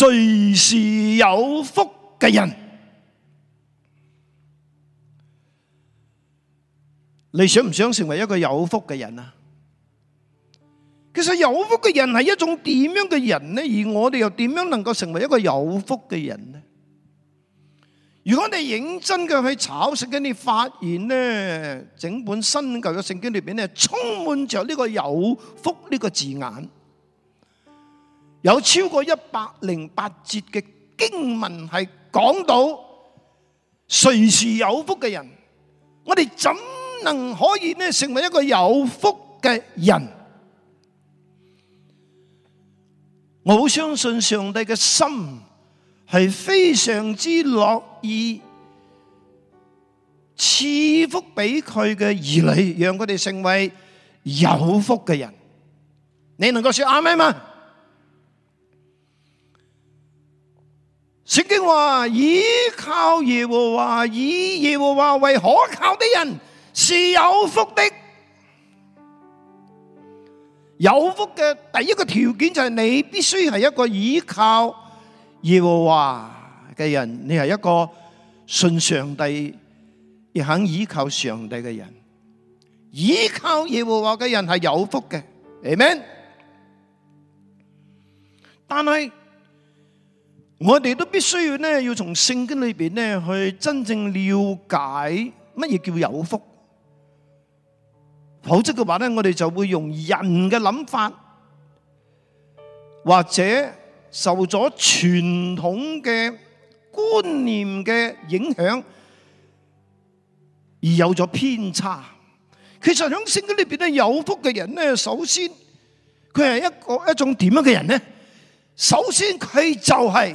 誰是有福嘅人，你想唔想成為一個有福嘅人啊？其實有福嘅人係一種點樣嘅人呢？而我哋又點樣能夠成為一個有福嘅人呢？如果你認真嘅去抄聖經，你發現呢，整本新舊嘅聖經裏邊呢，充滿着呢個有福呢個字眼。有超過一百零八節嘅經文係講到，誰是有福嘅人，我哋怎能可以呢，成為一個有福嘅人？我好相信上帝嘅心係非常之樂意賜福俾佢嘅兒女，讓佢哋成為有福嘅人。你能夠說啱咩嗎？聖經話：倚靠耶和華，以耶和華為可靠的人是有福的。有福嘅第一個條件就係你必須係一個倚靠耶和華嘅人，你係一個信上帝亦肯倚靠上帝嘅人。倚靠耶和華嘅人係有福嘅，amen。但係。我哋都必須要咧，要從聖經裏邊咧去真正了解乜嘢叫有福。否則嘅話咧，我哋就會用人嘅諗法，或者受咗傳統嘅觀念嘅影響，而有咗偏差。其實喺聖經裏邊咧，有福嘅人咧，首先佢係一個一種點樣嘅人咧？首先佢就係。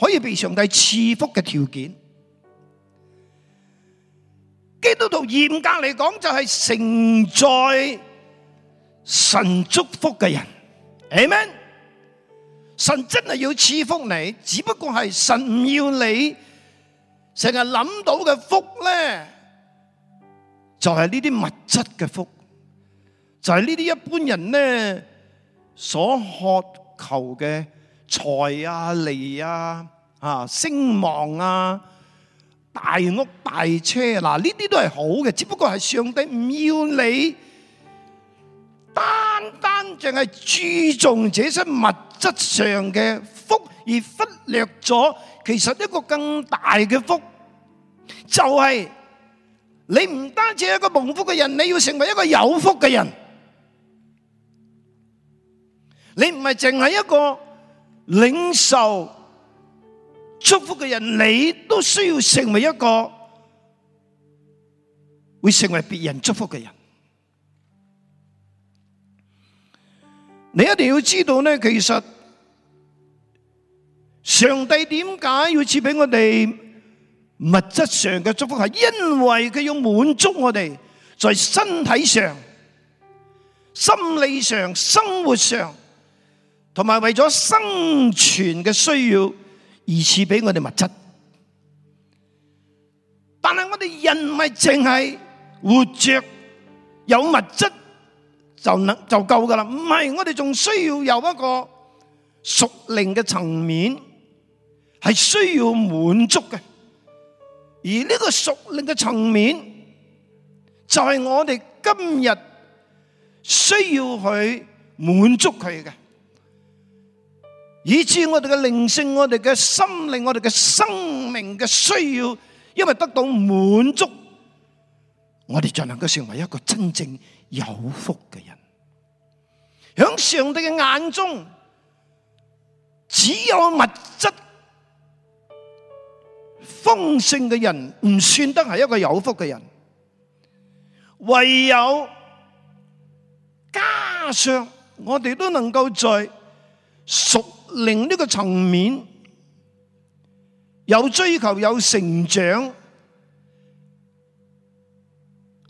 可以被上帝賜福嘅條件，基督徒嚴格嚟講就係承載神祝福嘅人，阿門。神真係要賜福你，只不過係神唔要你成日諗到嘅福咧，就係呢啲物質嘅福，就係呢啲一般人咧所渴求嘅。財啊、利啊、啊、聲望啊、大屋大車嗱，呢啲都係好嘅，只不過係上帝唔要你單單淨係注重這些物質上嘅福，而忽略咗其實一個更大嘅福，就係、是、你唔單止係一個蒙福嘅人，你要成為一個有福嘅人，你唔係淨係一個。領受祝福嘅人，你都需要成為一個會成為別人祝福嘅人。你一定要知道呢，其實上帝點解要賜俾我哋物質上嘅祝福，係因為佢要滿足我哋在身體上、心理上、生活上。同埋為咗生存嘅需要而賜俾我哋物質，但係我哋人唔係淨係活着有物質就能就夠噶啦，唔係我哋仲需要有一個屬靈嘅層面係需要滿足嘅，而呢個屬靈嘅層面就係我哋今日需要去滿足佢嘅。以至我哋嘅靈性、我哋嘅心靈、我哋嘅生命嘅需要，因為得到滿足，我哋就能夠成為一個真正有福嘅人。響上帝嘅眼中，只有物質豐盛嘅人唔算得係一個有福嘅人，唯有加上我哋都能夠在。屬靈呢個層面，有追求，有成長，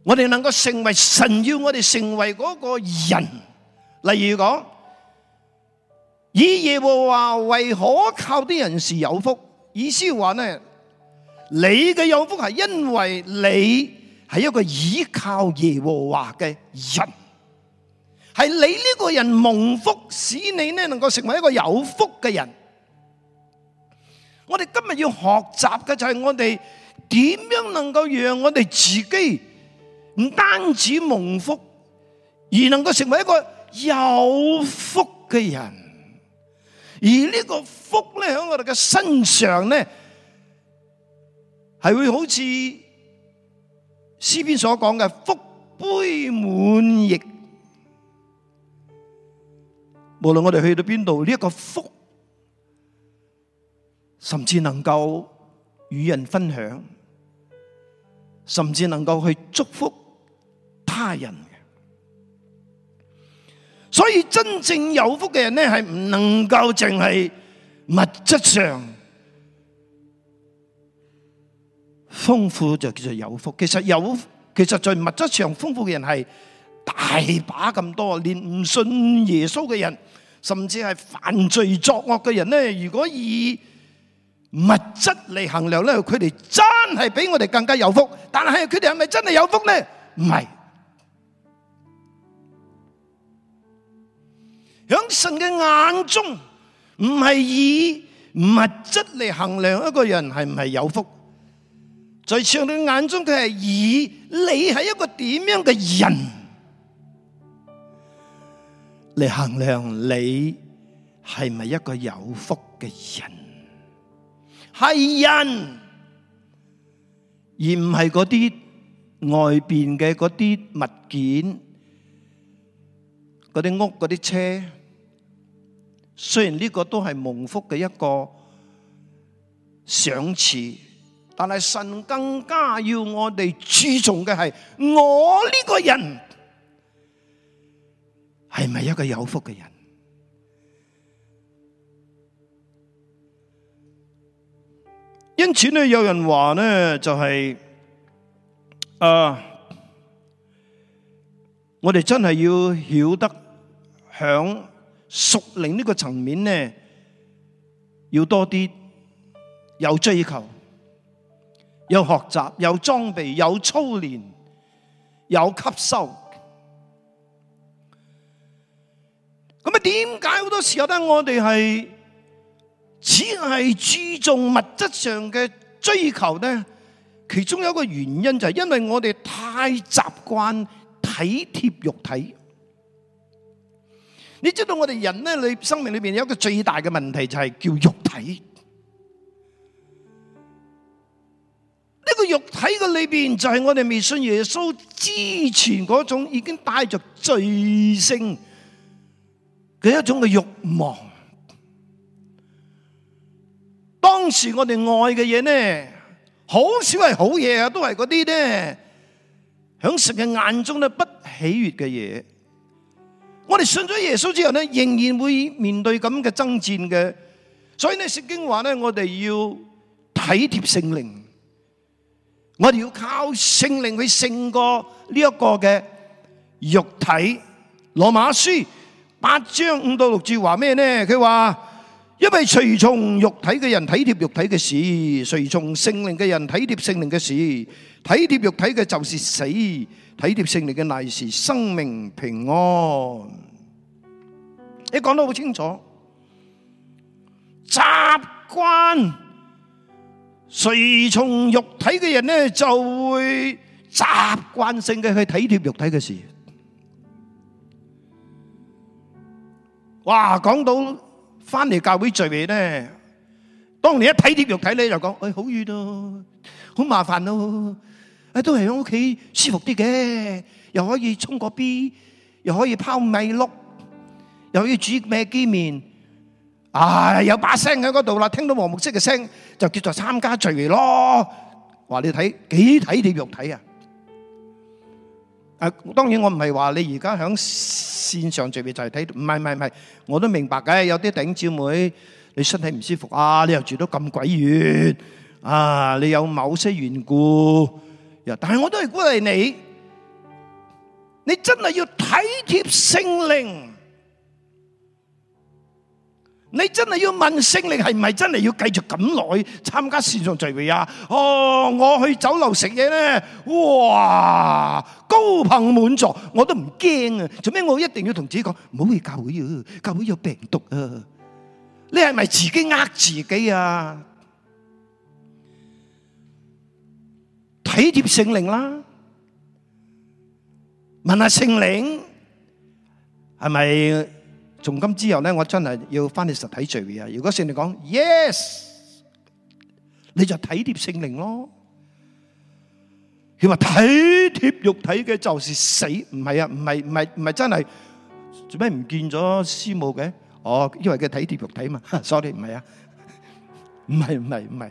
我哋能夠成為神要我哋成為嗰個人。例如講，以耶和華為可靠的人士有福。意思話呢，你嘅有福係因為你係一個倚靠耶和華嘅人。係你呢個人蒙福，使你呢能夠成為一個有福嘅人。我哋今日要學習嘅，就係我哋點樣能夠讓我哋自己唔單止蒙福，而能夠成為一個有福嘅人。而呢個福咧喺我哋嘅身上咧，係會好似詩篇所講嘅福杯滿溢。無論我哋去到邊度，呢一個福，甚至能夠與人分享，甚至能夠去祝福他人嘅。所以真正有福嘅人呢，係唔能夠淨係物質上豐富就叫做有福。其實有，其實在物質上豐富嘅人係。大把咁多連唔信耶穌嘅人，甚至係犯罪作惡嘅人咧，如果以物質嚟衡量咧，佢哋真係比我哋更加有福。但係佢哋係咪真係有福呢？唔係。響神嘅眼中，唔係以物質嚟衡量一個人係唔係有福。在上帝眼中，佢係以你係一個點樣嘅人。嚟衡量你係咪一個有福嘅人，係人，而唔係嗰啲外邊嘅嗰啲物件、嗰啲屋、嗰啲車。雖然呢個都係蒙福嘅一個賞賜，但係神更加要我哋注重嘅係我呢個人。係咪一個有福嘅人？因此咧，有人話咧，就係，誒，我哋真係要曉得響屬靈呢個層面咧，要多啲有追求，有學習，有裝備，有操練，有吸收。咁啊，點解好多時候咧，我哋係只係注重物質上嘅追求咧？其中有一個原因就係因為我哋太習慣體貼肉體。你知道我哋人咧，你生命裏邊有一個最大嘅問題就係叫肉體。呢個肉體嘅裏邊就係我哋未信耶穌之前嗰種已經帶着罪性。嘅一種嘅欲望，當時我哋愛嘅嘢呢，好少係好嘢啊，都係嗰啲呢，響佢嘅眼中呢，不喜悅嘅嘢。我哋信咗耶穌之後呢，仍然會面對咁嘅爭戰嘅，所以呢，聖經話呢，我哋要體貼聖靈，我哋要靠聖靈去勝過呢一個嘅肉體，羅馬書八章五到六節話咩呢？佢話因為隨從肉體嘅人體貼肉體嘅事，隨從聖靈嘅人體貼聖靈嘅事。體貼肉體嘅就是死，體貼聖靈嘅乃是生命平安。你講得好清楚，習慣隨從肉體嘅人呢，就會習慣性嘅去體貼肉體嘅事。哇，講到翻嚟教會聚會咧，當你一體貼肉體咧，就講誒好遠咯，好麻煩咯，誒都係喺屋企舒服啲嘅，又可以沖個 B，又可以拋米碌，又可以煮咩雞麵，啊有把聲喺嗰度啦，聽到黃木色嘅聲就叫做參加聚會咯。話你睇幾體貼肉體啊！誒當然我唔係話你而家喺線上聚會就係睇，唔係唔係唔係，我都明白嘅。有啲頂照妹，你身體唔舒服啊，你又住得咁鬼遠啊，你有某些緣故。但係我都係鼓勵你，你真係要體貼聖靈。你真係要問聖靈係唔係真係要繼續咁耐參加線上聚會啊？哦，我去酒樓食嘢咧，哇，高朋滿座，我都唔驚啊！做咩我一定要同自己講唔好去教會啊？教會有病毒啊？你係咪自己呃自己啊？體貼聖靈啦，問下聖靈係咪？從今之後咧，我真係要翻去實體聚會啊！如果聖靈講 Yes，你就體貼聖靈咯。佢話體貼肉體嘅就是死，唔係啊，唔係唔係唔係，真係做咩唔見咗師母嘅？哦，因為佢體貼肉體嘛，sorry 唔係啊，唔係唔係唔係。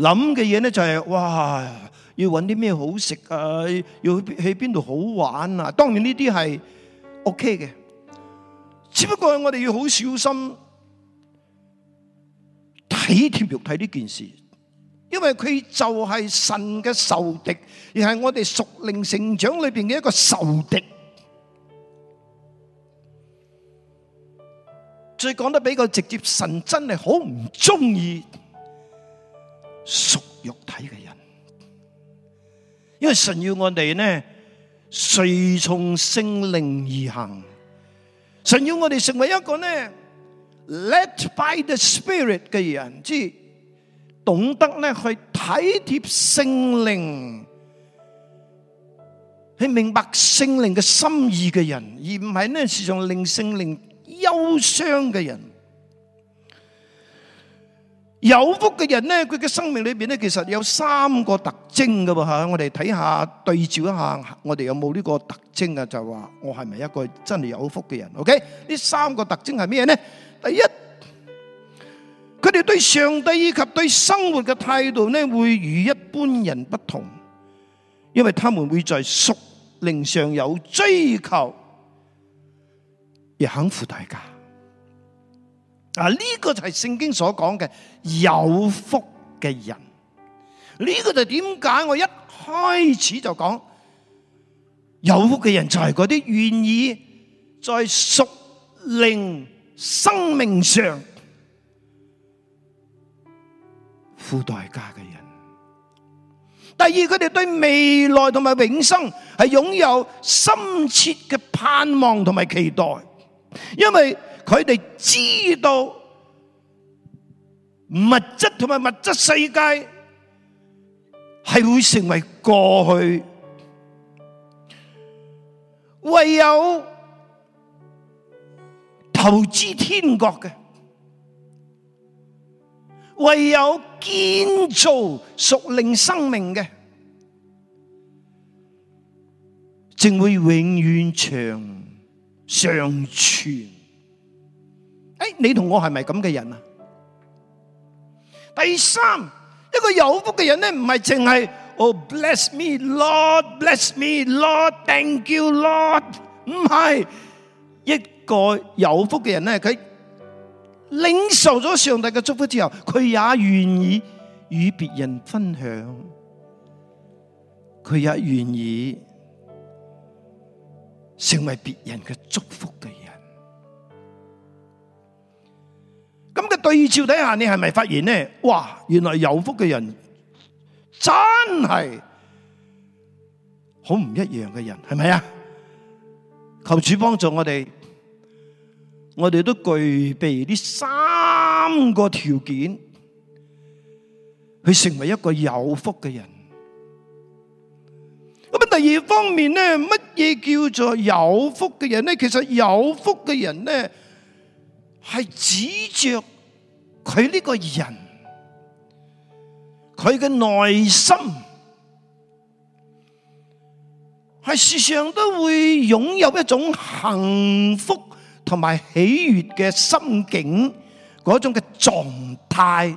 諗嘅嘢咧就係哇，要搵啲咩好食啊，要去邊度好玩啊？當然呢啲係 OK 嘅，只不過我哋要好小心體貼肉體呢件事，因為佢就係神嘅仇敵，而係我哋屬靈成長裏邊嘅一個仇敵。再講得比較直接，神真係好唔中意。屬肉體嘅人，因為神要我哋呢隨從聖靈而行，神要我哋成為一個呢 led by the spirit 嘅人，即係懂得呢去體貼聖靈，去明白聖靈嘅心意嘅人，而唔係呢時常令聖靈憂傷嘅人。有福嘅人呢，佢嘅生命裏邊呢，其實有三個特徵噶噃吓，我哋睇下對照一下，我哋有冇呢個特徵啊？就話我係咪一個真係有福嘅人？OK，呢三個特徵係咩嘢呢？第一，佢哋對上帝以及對生活嘅態度呢，會與一般人不同，因為他們會在屬靈上有追求，亦肯付代價。啊！呢個就係聖經所講嘅有福嘅人，呢個就點解我一開始就講有福嘅人就係嗰啲願意在屬靈生命上付代價嘅人。第二，佢哋對未來同埋永生係擁有深切嘅盼望同埋期待，因為。佢哋知道，物質同埋物質世界係會成為過去，唯有投資天國嘅，唯有建造屬靈生命嘅，正會永遠長常存。欸，你同我係咪咁嘅人啊？第三,一個有福嘅人咧，唔係淨係，oh, bless me, Lord, bless me, Lord, thank you, Lord. 唔係，一個有福嘅人咧，佢領受咗上帝嘅祝福之後，佢也願意與別人分享，佢也願意成為別人嘅祝福嘅人。對照底下，你係咪發現咧？哇，原來有福嘅人真係好唔一樣嘅人，係咪啊？求主幫助我哋，我哋都具備呢三個條件去成為一個有福嘅人。咁啊，第二方面咧，乜嘢叫做有福嘅人咧？其實有福嘅人咧係指著。佢呢個人，佢嘅內心喺世上都會擁有一種幸福同埋喜悅嘅心境嗰種嘅狀態。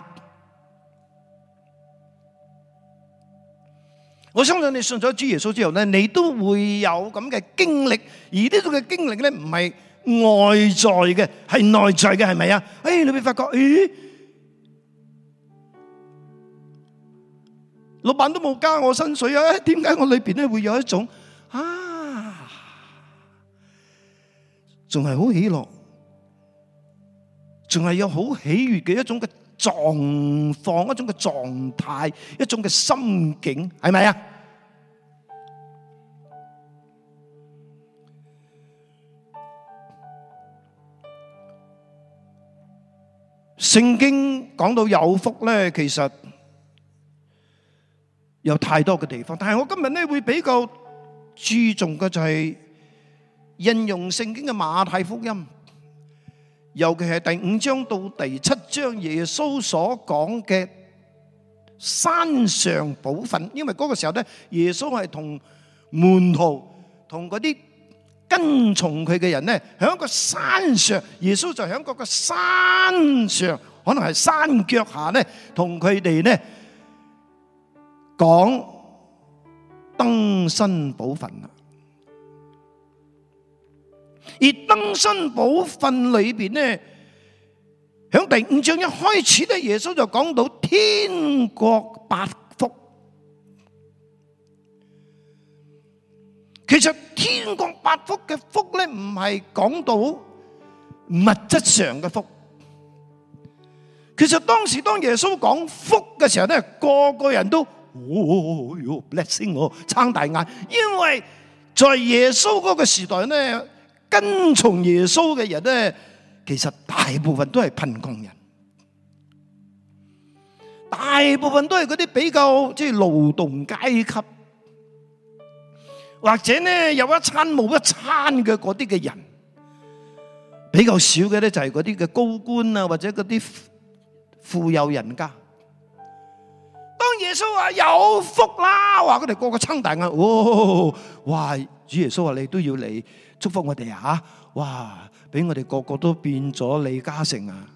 我相信你信咗主耶穌之後咧，你都會有咁嘅經歷，而呢種嘅經歷咧唔係。外在嘅，係內在嘅，係咪啊？誒，你會發覺，咦，老闆都冇加我薪水啊，點解我裏邊咧會有一種啊，仲係好喜樂，仲係有好喜悅嘅一種嘅狀況，一種嘅狀態，一種嘅心境，係咪啊？聖經講到有福咧，其實有太多嘅地方，但係我今日咧會比較注重嘅就係引用聖經嘅馬太福音，尤其係第五章到第七章耶穌所講嘅山上寶訓，因為嗰個時候咧耶穌係同門徒同嗰啲。跟從佢嘅人呢，喺個山上，耶穌就喺嗰個，個山上，可能係山腳下呢，同佢哋呢講登山寶訓啊。而登山寶訓裏邊呢，喺第五章一開始咧，耶穌就講到天國八。其實天國八福嘅福咧，唔係講到物質上嘅福。其實當時當耶穌講福嘅時候咧，個個人都哦喲，blessing 我撐大眼，因為在耶穌嗰個時代咧，跟從耶穌嘅人咧，其實大部分都係貧窮人，大部分都係嗰啲比較即係勞動階級。或者呢有一餐冇一餐嘅嗰啲嘅人，比較少嘅咧，就係嗰啲嘅高官啊，或者嗰啲富有人家。當耶穌話有福啦，話佢哋個個睜大眼，哦，哇！主耶穌話、啊、你都要嚟祝福我哋啊！哇！俾我哋個個都變咗李嘉誠啊！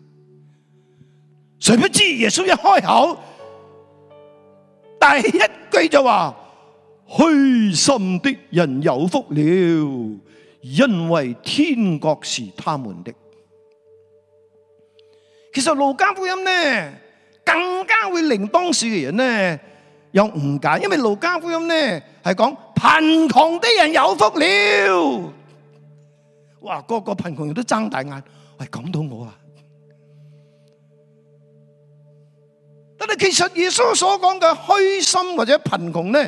誰不知耶穌一開口，第一句就話。虛心的人有福了，因為天國是他們的。其實路加福音呢，更加會令當時嘅人呢有誤解，因為路加福音呢係講貧窮的人有福了。哇，個個貧窮人都睜大眼，喂，講到我啊！但係其實耶穌所講嘅虛心或者貧窮呢？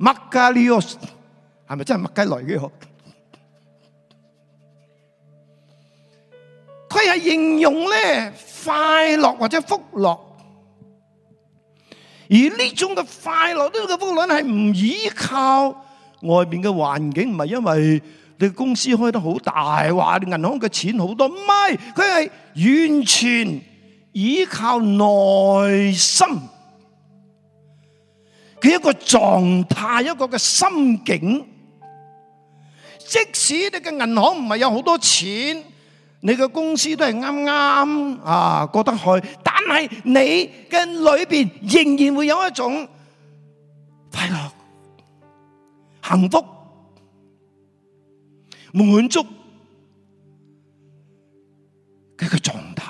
麥加利個係咪真係麥加來嘅？佢係形容咧快樂或者福樂，而呢種嘅快樂呢種嘅福樂係唔依靠外面嘅環境，唔係因為你公司開得好大，或你銀行嘅錢好多。唔係，佢係完全依靠內心。佢一個狀態，一個嘅心境。即使你嘅銀行唔係有好多錢，你嘅公司都係啱啱啊過得去，但係你嘅裏邊仍然會有一種快樂、幸福、滿足嘅一個狀態。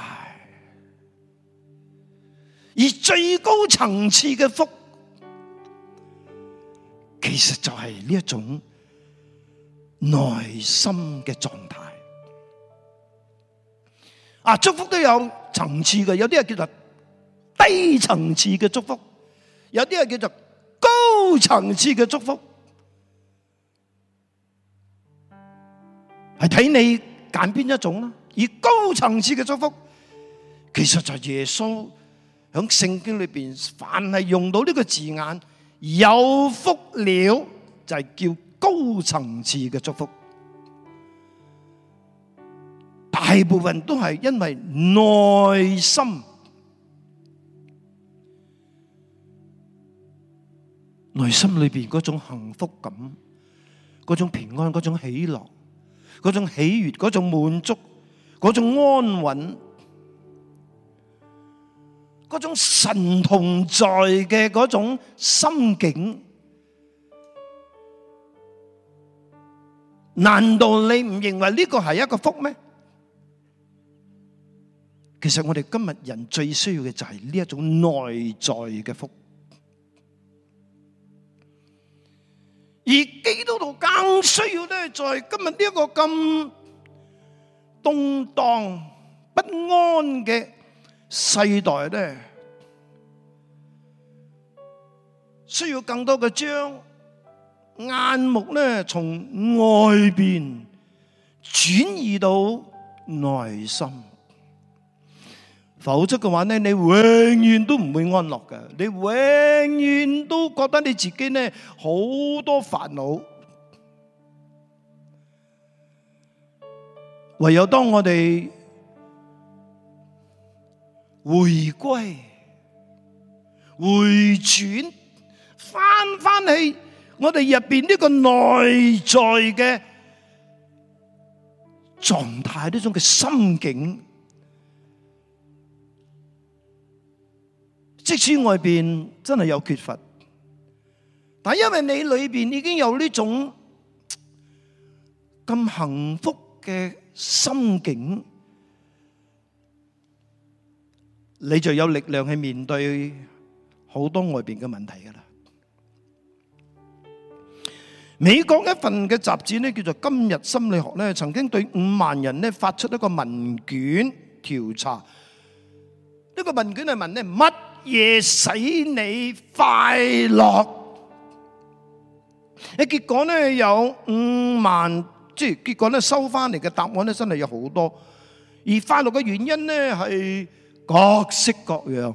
而最高層次嘅福。其實就係呢一種內心嘅狀態。啊，祝福都有層次嘅，有啲係叫做低層次嘅祝福，有啲係叫做高層次嘅祝福，係睇你揀邊一種啦。而高層次嘅祝福，其實就耶穌響聖經裏邊，凡係用到呢個字眼。有福了就係叫高層次嘅祝福，大部分都係因為內心、內心裏邊嗰種幸福感、嗰種平安、嗰種喜樂、嗰種喜悅、嗰種滿足、嗰種安穩。嗰種神同在嘅嗰種心境，難道你唔認為呢個係一個福咩？其實我哋今日人最需要嘅就係呢一種內在嘅福，而基督徒更需要咧，在今日呢一個咁動盪不安嘅。世代咧，需要更多嘅，將眼目咧從外邊轉移到內心，否則嘅話咧，你永遠都唔會安樂㗎，你永遠都覺得你自己咧，好多煩惱。唯有當我哋。回歸、回轉、翻翻去我哋入邊呢個內在嘅狀態，呢種嘅心境，即使外邊真係有缺乏，但係因為你裏邊已經有呢種咁幸福嘅心境。你就有力量去面對好多外邊嘅問題噶啦。美國一份嘅雜誌呢叫做《今日心理學》呢，曾經對五萬人呢發出一個問卷調查。呢個問卷係問呢，乜嘢使你快樂？誒，結果呢有五萬，即係結果呢收翻嚟嘅答案呢真係有好多。而快樂嘅原因呢係。各式各樣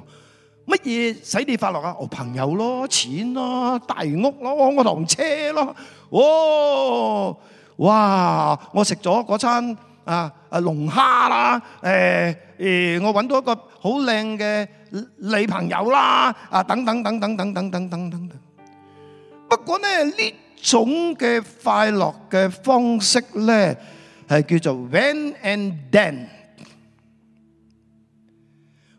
乜嘢使你快樂啊？哦，朋友咯，錢咯，大屋咯，我我台車咯，哇哇！我食咗嗰餐啊啊龍蝦啦，誒誒，我搵到一個好靚嘅女朋友啦啊，等等等等等等等等等。不過呢呢種嘅快樂嘅方式咧，係叫做 when and then。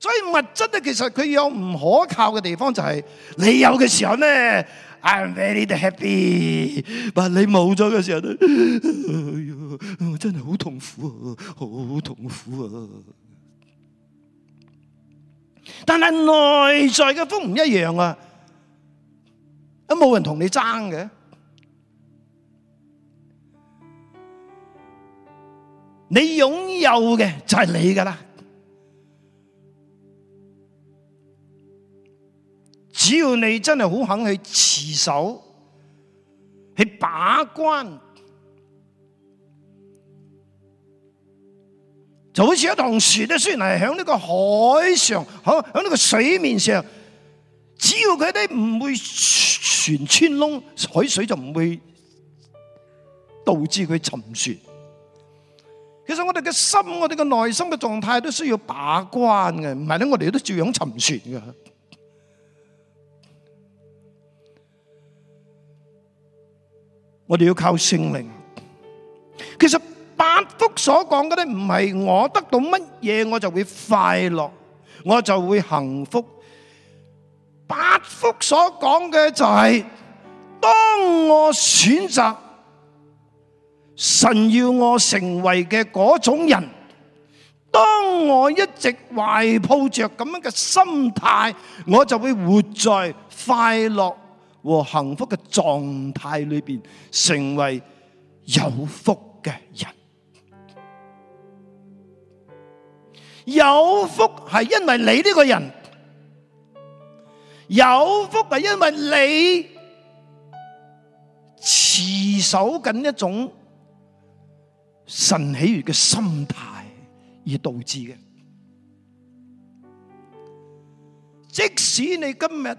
所以物質咧，其實佢有唔可靠嘅地方，就係你有嘅時候咧，I am very happy，但你冇咗嘅時候咧，我真係好痛苦啊，好痛苦啊！但係內在嘅風唔一樣啊，都冇人同你爭嘅，你擁有嘅就係你㗎喇。只要你真係好肯去持守，去把關，就好似一艘船咧，雖然係響呢個海上，響呢個水面上，只要佢哋唔會船穿窿，海水就唔會導致佢沉船。其實我哋嘅心，我哋嘅內心嘅狀態都需要把關嘅，唔係咧，我哋都照樣沉船噶。我哋要靠聖靈。其實八福所講嗰啲唔係我得到乜嘢，我就會快樂，我就會幸福。八福所講嘅就係當我選擇神要我成為嘅嗰種人，當我一直懷抱着咁樣嘅心態，我就會活在快樂。和幸福嘅狀態裏邊，成為有福嘅人。有福係因為你呢個人，有福係因為你持守緊一種神喜悅嘅心態而導致嘅。即使你今日，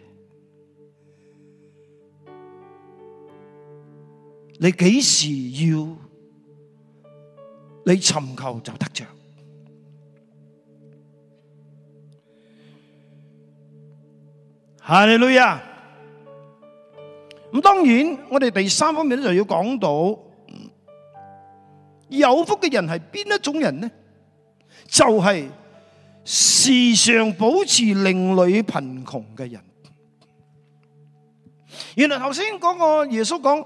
你幾時要？你尋求就得着。係咪女啊？咁當然，我哋第三方面咧就要講到，有福嘅人係邊一種人呢？就係時常保持另類貧窮嘅人。原來頭先嗰個耶穌講。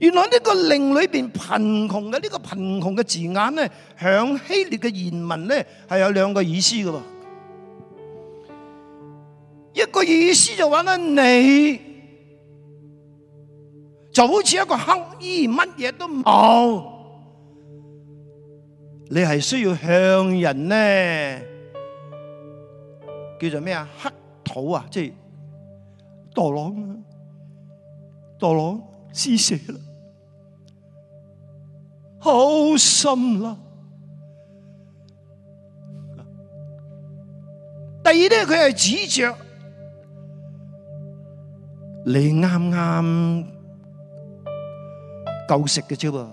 原來呢個令裏邊貧窮嘅呢個貧窮嘅字眼咧，響希臘嘅言文咧係有兩個意思噶噃。一個意思就話咧，你就好似一個乞兒乜嘢都冇，你係需要向人咧叫做咩啊乞討啊，即係墮郎、墮郎施捨啦。好深啦！第二咧，佢係指着你啱啱夠食嘅啫噃。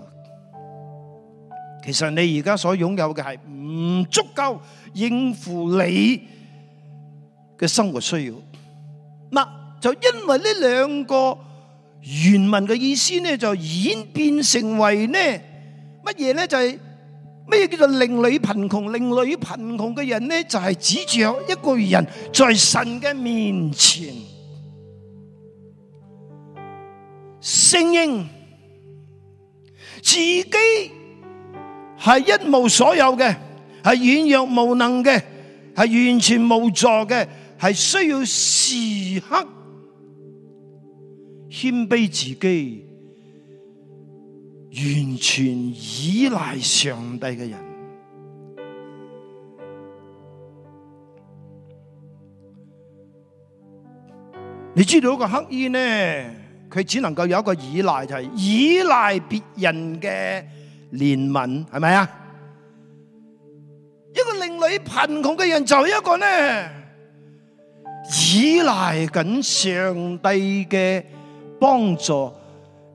其實你而家所擁有嘅係唔足夠應付你嘅生活需要。嗱，就因為呢兩個原文嘅意思呢，就演變成為呢。乜嘢咧？就係、是、咩叫做另類貧窮？另類貧窮嘅人咧，就係、是、指住一個人在神嘅面前承認自己係一無所有嘅，係軟弱無能嘅，係完全無助嘅，係需要時刻謙卑自己，完全依賴上帝嘅人，你知道一個乞丐呢，佢只能夠有一個依賴，就係、是、依賴別人嘅憐憫，係咪啊？一個令你貧窮嘅人，就一個呢，依賴緊上帝嘅幫助。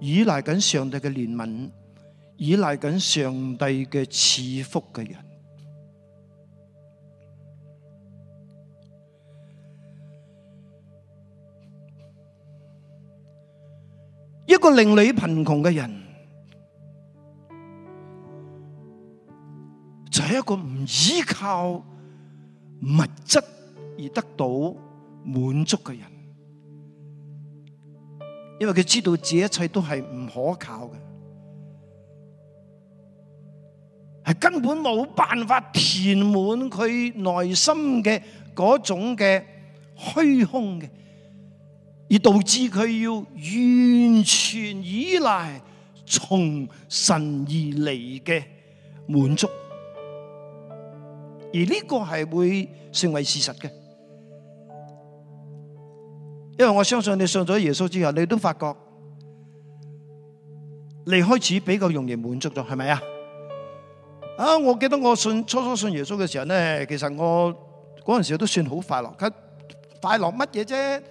依賴緊上帝嘅憐憫，依賴緊上帝嘅賜福嘅人，一個靈裡貧窮嘅人，就係一個唔依靠物質而得到滿足嘅人。因為佢知道這一切都係唔可靠嘅，係根本冇辦法填滿佢內心嘅嗰種嘅虛空嘅，而導致佢要完全依賴從神而嚟嘅滿足，而呢個係會算為事實嘅。因為我相信你信咗耶穌之後，你都發覺，你開始比較容易滿足咗，係咪啊？啊，我記得我信初初信耶穌嘅時候咧，其實我嗰陣時都算好快樂，快樂乜嘢啫？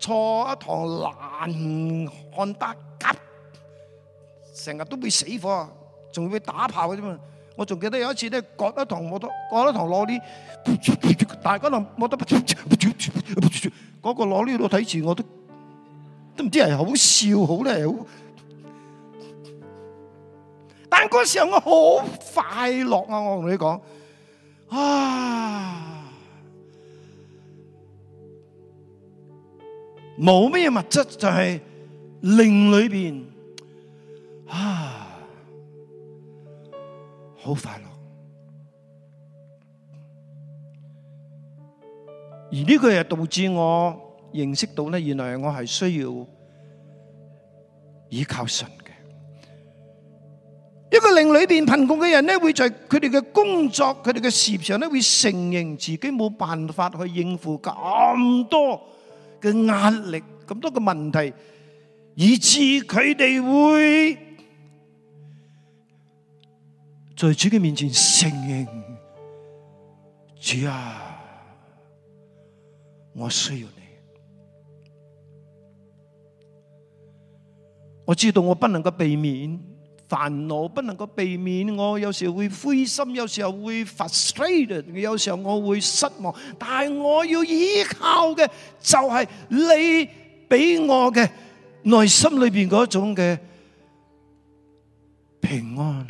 坐一堂難看得急，成日都被死火，仲要被打炮嘅啫嘛。我仲記得有一次咧，坐一堂冇得，坐一堂攞啲，但係嗰度冇得。嗰個攞呢度睇住，我都都唔知係好笑好咧，但嗰時候我好快樂啊！我同你講啊，冇咩物質就係靈裏邊啊，好快樂。而呢個又導致我認識到咧，原來我係需要依靠神嘅。一個靈裏邊貧窮嘅人咧，會在佢哋嘅工作、佢哋嘅事業上咧，會承認自己冇辦法去應付咁多嘅壓力、咁多嘅問題，以至佢哋會在主嘅面前承認：主啊！我需要你。我知道我不能夠避免煩惱，不能夠避免我有時候會灰心，有時候會 frustrated，有時候我會失望。但係我要依靠嘅就係你俾我嘅內心裏邊嗰種嘅平安，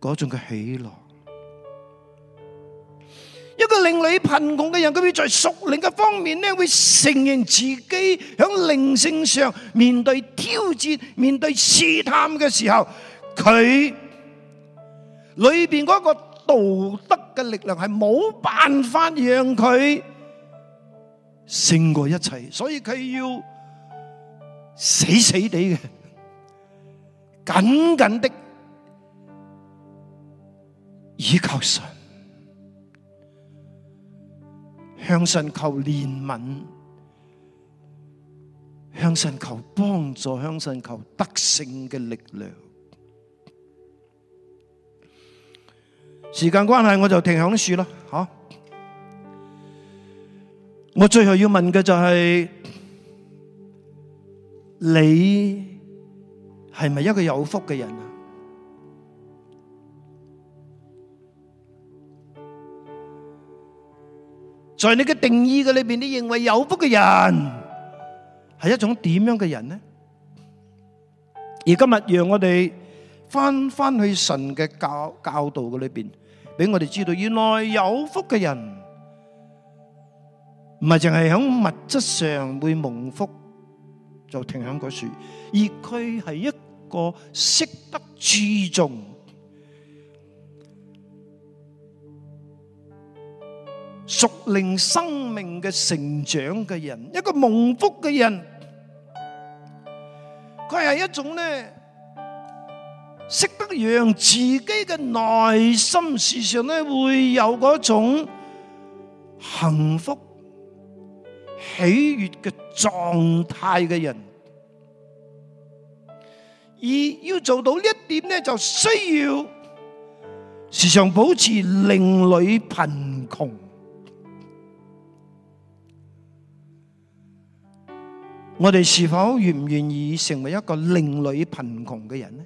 嗰種嘅喜樂。個令你貧窮嘅人，佢會在屬靈嘅方面咧，會承認自己響靈性上面對挑戰，面對試探嘅時候，佢裏邊嗰個道德嘅力量係冇辦法讓佢勝過一切，所以佢要死死地嘅緊緊的依靠神。向神求憐憫，向神求幫助，向神求得勝嘅力量。時間關係，我就停響呢樹啦，吓、啊。我最後要問嘅就係、是，你係咪一個有福嘅人啊？在你嘅定義嘅裏邊，你認為有福嘅人係一種點樣嘅人呢？而今日讓我哋返返去神嘅教教導嘅裏邊，俾我哋知道，原來有福嘅人唔係淨係響物質上會蒙福就停響嗰處，而佢係一個識得注重。屬靈生命嘅成長嘅人，一個蒙福嘅人，佢係一種咧，識得讓自己嘅內心時常咧會有嗰種幸福喜悅嘅狀態嘅人，而要做到呢一點咧，就需要時常保持另類貧窮。我哋是否願唔願意成為一個另類貧窮嘅人呢？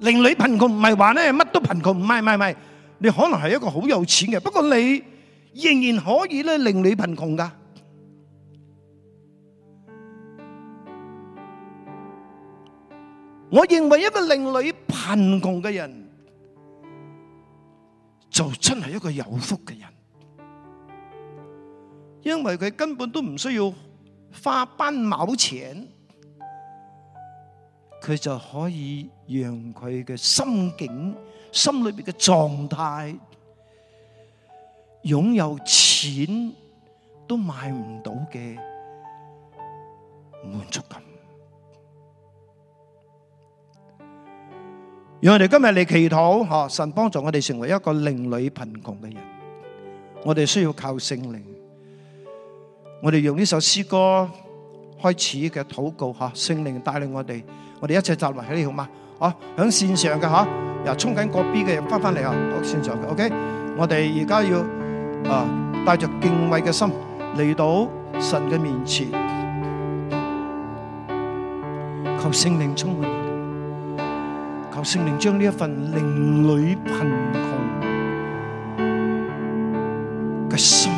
另類貧窮唔係話咧乜都貧窮，唔係唔係唔係，你可能係一個好有錢嘅，不過你仍然可以咧另類貧窮噶。我認為一個另類貧窮嘅人，就真係一個有福嘅人。因為佢根本都唔需要花半毛錢，佢就可以讓佢嘅心境、心裏邊嘅狀態，擁有錢都買唔到嘅滿足感。讓我哋今日嚟祈禱，哈！神幫助我哋成為一個另類貧窮嘅人。我哋需要靠聖靈。我哋用呢首詩歌開始嘅禱告吓，聖靈帶領我哋，我哋一齊集埋喺呢度好嘛，啊，響線上嘅吓，又冲緊個邊嘅人翻翻嚟啊，好線上嘅，OK，我哋而家要啊，帶着敬畏嘅心嚟到神嘅面前，求聖靈充滿，求聖靈將呢一份靈裡貧窮嘅心。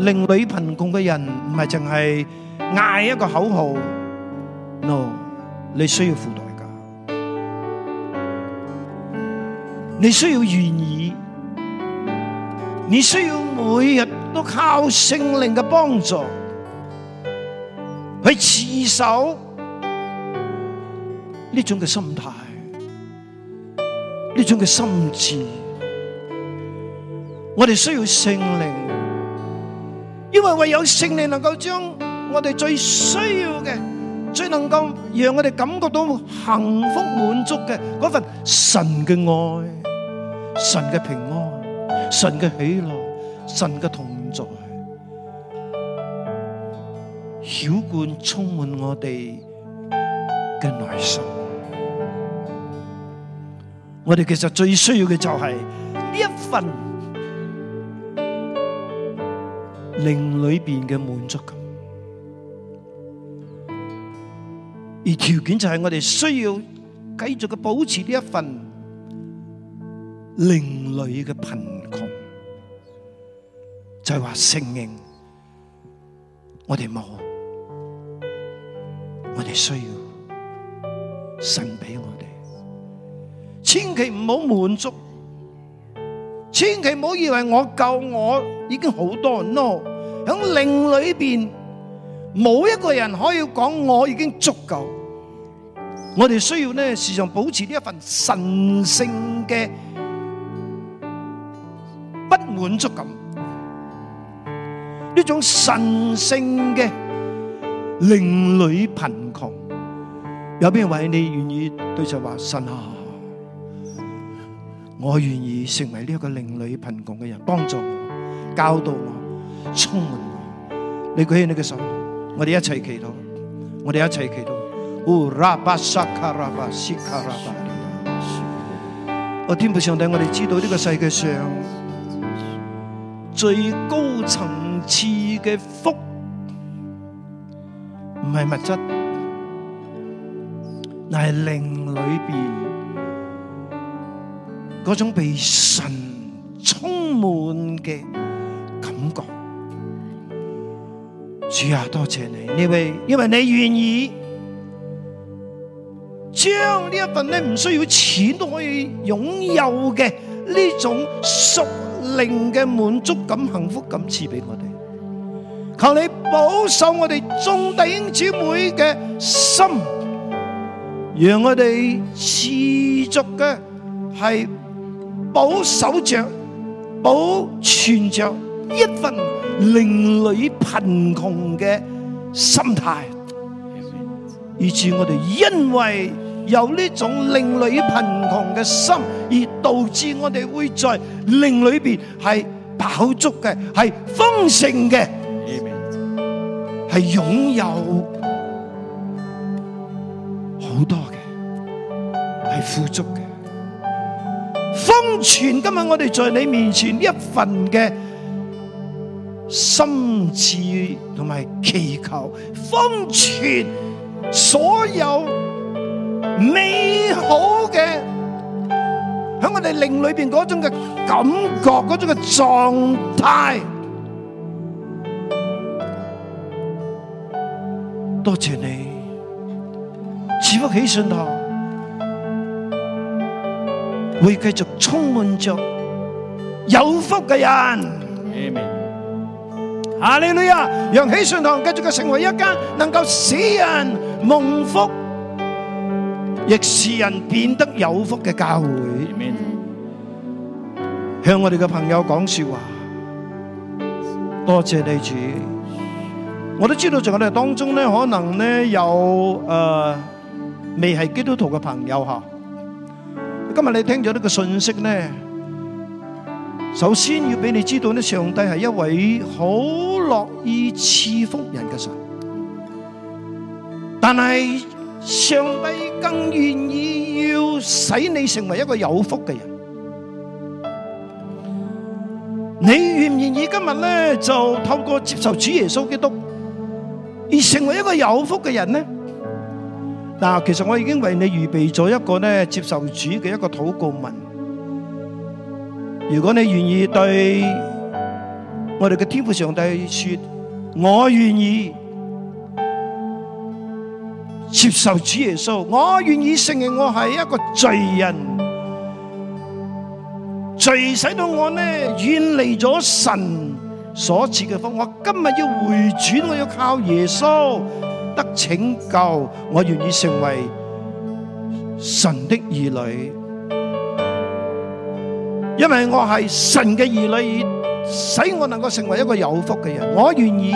令女貧窮嘅人唔係淨係嗌一個口號，no，你需要付代價，你需要願意，你需要每日都靠聖靈嘅幫助去持守呢種嘅心態，呢種嘅心智，我哋需要聖靈。因為唯有聖靈能夠將我哋最需要嘅、最能夠讓我哋感覺到幸福滿足嘅嗰份神嘅愛、神嘅平安、神嘅喜樂、神嘅同在，澆灌充滿我哋嘅內心。我哋其實最需要嘅就係呢一份。靈裏邊嘅滿足感，而條件就係我哋需要繼續嘅保持呢一份靈裏嘅貧窮，就係話承認我哋冇，我哋需要神俾我哋，千祈唔好滿足。千祈唔好以為我救我已經好多人咯，響、no、靈裏邊冇一個人可以講我已經足夠。我哋需要咧時常保持呢一份神聖嘅不滿足感，呢種神聖嘅另類貧窮。有邊位你願意對就話神啊？我願意成為呢一個靈裡貧窮嘅人，幫助我、教導我、充滿我。你舉起你嘅手，我哋一齊祈禱，我哋一齊祈禱。我天父上帝，我哋知道呢個世界上最高層次嘅福唔係物質，乃係靈裡邊。嗰種被神充滿嘅感覺，主啊，多謝你，呢位因為你願意將呢一份呢唔需要錢都可以擁有嘅呢種屬靈嘅滿足感、幸福感賜俾我哋，求你保守我哋眾弟兄姊妹嘅心，讓我哋持續嘅係。保守着、保存着一份靈裡貧窮嘅心態，以致我哋因為有呢種靈裡貧窮嘅心，而導致我哋會在靈裡邊係飽足嘅，係豐盛嘅，係擁有好多嘅，係富足嘅。封存今日我哋在你面前呢一份嘅心志同埋祈求，封存所有美好嘅喺我哋靈裏邊嗰種嘅感覺，嗰種嘅狀態。多謝你，祈福起身啦！會繼續充滿着有福嘅人。阿你女啊，讓喜訊堂，繼續佢成為一間能夠使人蒙福，亦使人變得有福嘅教會。向我哋嘅朋友講說話，多謝主。我都知道在我哋當中咧，可能咧有誒未係基督徒嘅朋友吓。今日你聽咗呢個信息咧，首先要俾你知道呢，上帝係一位好樂意賜福人嘅神，但係上帝更願意要使你成為一個有福嘅人。你願唔願意今日咧就透過接受主耶穌基督而成為一個有福嘅人呢？嗱，其實我已經為你預備咗一個咧接受主嘅一個禱告文。如果你願意對我哋嘅天父上帝說，我願意接受主耶穌，我願意承認我係一個罪人，罪使到我咧遠離咗神所賜嘅福，我今日要回轉，我要靠耶穌。得拯救，我願意成為神的兒女，因為我係神嘅兒女，使我能夠成為一個有福嘅人。我願意，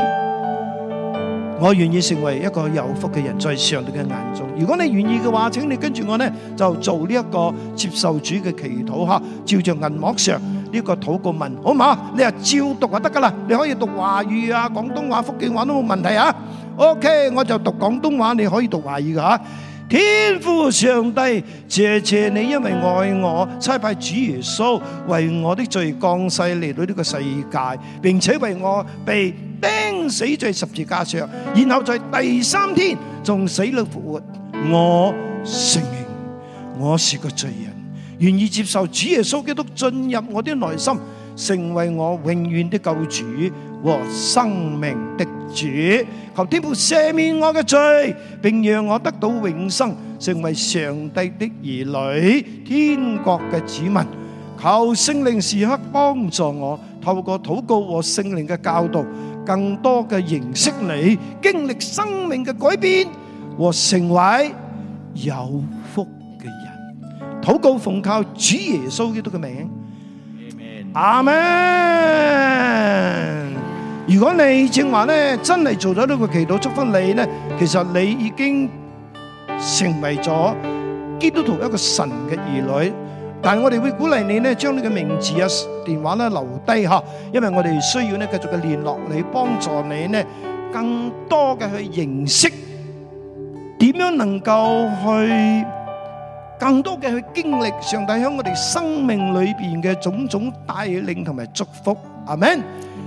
我願意成為一個有福嘅人，在上帝嘅眼中。如果你願意嘅話，請你跟住我呢，就做呢一個接受主嘅祈禱吓，照着銀幕上。呢個禱告文好唔好啊？你啊照讀就得噶啦，你可以讀華語啊、廣東話、福建話都冇問題啊。OK，我就讀廣東話，你可以讀華語噶嚇。天父上帝，謝謝你，因為愛我，差派主耶穌為我的罪降世嚟到呢個世界，並且為我被釘死在十字架上，然後在第三天仲死裏復活。我承認我係個罪人。願意接受主耶穌基督進入我的內心，成為我永遠的救主和生命的主。求天父赦免我嘅罪，並讓我得到永生，成為上帝的兒女、天國嘅子民。求聖靈時刻幫助我，透過禱告和聖靈嘅教導，更多嘅認識你，經歷生命嘅改變和成為有。禱告奉靠主耶穌基督嘅名，阿門。如果你正話咧，真係做咗呢個祈禱祝福你咧，其實你已經成為咗基督徒一個神嘅兒女。但係我哋會鼓勵你咧，將你嘅名字啊、電話咧留低吓，因為我哋需要咧繼續嘅聯絡你，幫助你咧更多嘅去認識點樣能夠去。更多嘅去經歷，上帝喺我哋生命裏面嘅種種帶領同埋祝福，阿門。